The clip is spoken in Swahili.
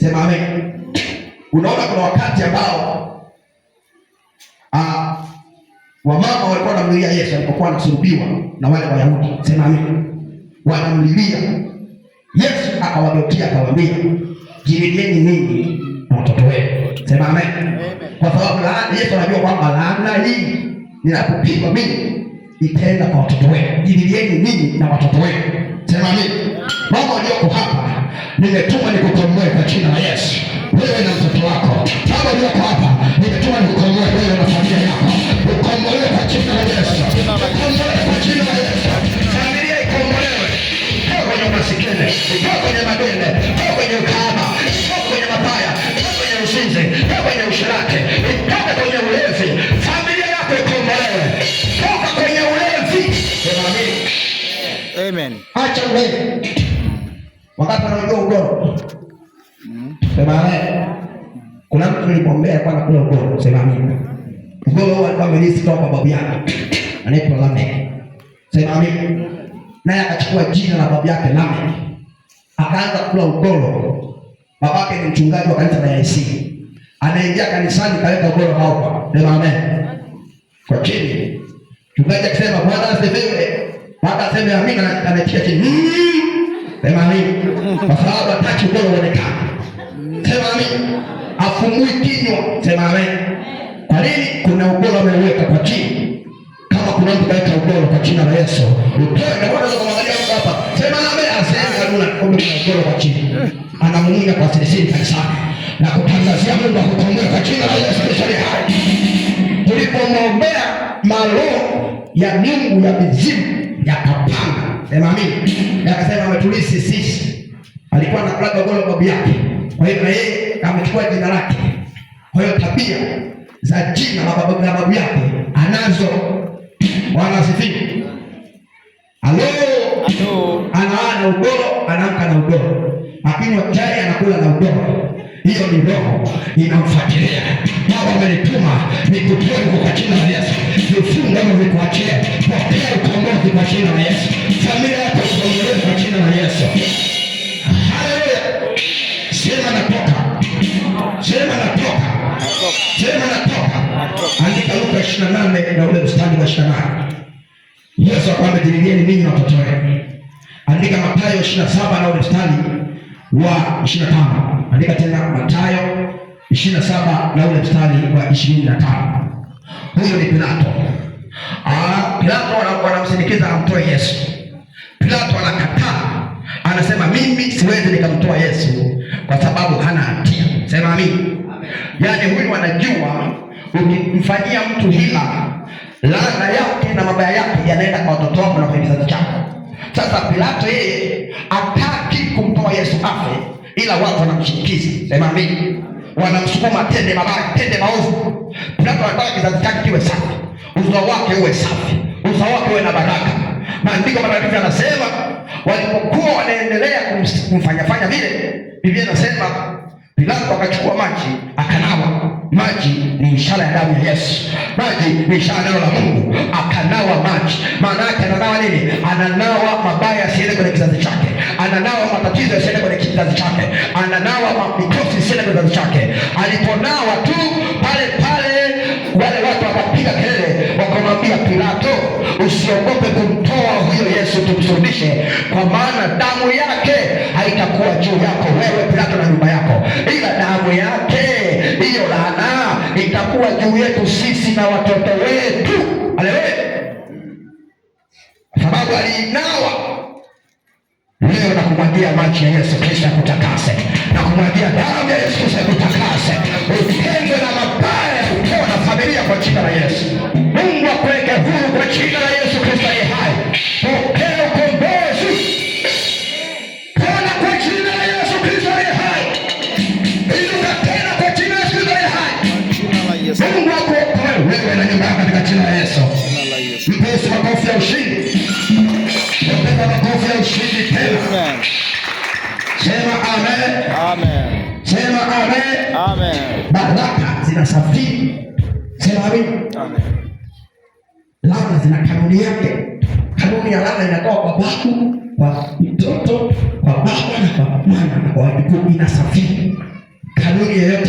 temame. Unaona, kuna wakati ambao ah, wamama walikuwa wanamlilia Yesu alipokuwa anasulubiwa na wale Wayahudi, sema amen, wanamlilia Yesu akawageukia akawaambia, jilindeni ninyi na watoto wenu, sema amen, kwa sababu laana, Yesu anajua kwamba laana hii ninapopigwa mimi itaenda kwa watoto wenu. Jilindeni ninyi na watoto wenu, sema amen. Mama walioko hapa nimetuma nikukomboe kwa jina la Yesu. Wewe na mtoto wako kama ulioko hapa, nimetuma nikukomboe wewe na familia yako, ukombolewe kwa jina la Yesu, ukombolewe kwa jina la Yesu. Familia ikombolewe, toka kwenye umasikini, toka kwenye madeni, toka kwenye ukahaba, toka kwenye mabaya, toka kwenye toka kwenye toka kwenye ulevi. Familia yako ikombolewe, toka kwenye ulevi. Amen. Acha wakati anaojua udongo. Mm. Sema amen. Kuna mtu nilimwombea kwa nakula udongo, sema amen. Udongo huo alikuwa amelisi toka kwa babu yake anaitwa Lame. sema amen. Naye akachukua jina la babu yake Lame, akaanza kula ugoro. Babake ni mchungaji wa kanisa la Yesu, anaingia kanisani kaleta ugoro hapa, sema amen. Kwa chini mchungaji akisema Bwana asifiwe, baada aseme amina, anatia chini Sema amini. Kwa sababu hataki ubora uonekane. Sema amini. Afungui kinywa. Sema amini. Kwa nini kuna ubora umeweka kwa chini? Kama kuna mtu kaweka ubora kwa chini na Yesu. Utoe na Bwana kwa mwangalia mtu hapa. Sema amini. Asema kuna kumbe kuna ubora kwa chini. Anamuunga kwa sirisiri kanisani. Na kutangazia Mungu akukomboe kwa chini na Yesu Kristo aliye hai. Tulipomwombea maroho ya Mungu ya mizimu yakapanga mimi. Yakasema ametulisi sisi, alikuwa anakulaga golo babu yake, kwa hiyo na yeye amechukua jina lake. Kwa hiyo tabia za jina la babu na babu yake anazo. Bwana asifiwe. Alo, alo, anaa na ugoro, anaamka na ugoro, Lakini chai anakula na ugoro. Hiyo ni roho inamfuatilia. Baba amenituma nikutoe kwa jina la Yesu, nifunge na nikuachie, pokea yangu kwa jina la Yesu. Familia yako iondolewe kwa jina la Yesu. Haleluya. Sema natoka. Sema natoka. Sema natoka. Andika Luka 28 na ule mstari wa 28. Yesu akwambia jililieni ninyi watoto wenu. Andika Mathayo 27 na ule mstari wa 25. Andika tena Mathayo 27 na ule mstari wa 25. Huyo ni Pilato. Ah, Pilato wanamsindikiza amtoe Yesu. Pilato anakataa, anasema mimi siwezi nikamtoa Yesu kwa sababu hana hatia. Sema amin. Yaani huyu anajua ukimfanyia mtu hila, laana yake na mabaya yake yanaenda kwa watoto wako na kwa kizazi chako. Sasa Pilato yeye ataki kumtoa Yesu afe, ila watu wanamshinikiza. Sema amin. Wanamsukuma tende mabaya, tende maovu. Pilato anataka kizazi chake kiwe safi uzao wake uwe safi, uzao wake uwe na baraka. Maandiko matakatifu yanasema walipokuwa wanaendelea kumfanyafanya vile, Biblia inasema Pilato akachukua maji akanawa. Maji ni ishara ya damu ya Yesu, maji ni ishara ya neno la Mungu. Akanawa maji, maana yake ananawa nini? Ananawa mabaya yasiende kwenye kizazi chake, ananawa matatizo yasiende kwenye kizazi chake, ananawa mikosi isiende kwenye kizazi chake. Aliponawa tu akamwambia Pilato, usiogope kumtoa huyo Yesu, tumrudishe, kwa maana damu yake haitakuwa juu yako wewe Pilato na nyumba yako, ila damu yake hiyo laana itakuwa juu yetu sisi na watoto wetu. Haleluya! sababu aliinawa leo na kumwambia maji ya Yesu Kristo yakutakase na kumwambia damu ya Yesu Kristo yakutakase, utengwe na mabaya, ukiwa na familia kwa jina la Yesu kuweka huru kwa jina la Yesu Kristo aliye hai. Pokea ukombozi, pona kwa jina la Yesu Kristo aliye hai. Inuka tena kwa jina la Yesu Kristo aliye hai. Mungu wako wewe, wewe na nyumba katika jina la Yesu. Mpe Yesu makofi ya ushindi. Mpe makofi ya ushindi tena. Sema amen. Amen. Sema amen. Amen. Baraka zinasafiri. Sema amen. Amen. Laana zina kanuni yake. Kanuni ya laana inatoka kwa babu, kwa mtoto, kwa baba na kwa mwana na kwa wajukuu, inasafiri kanuni yoyote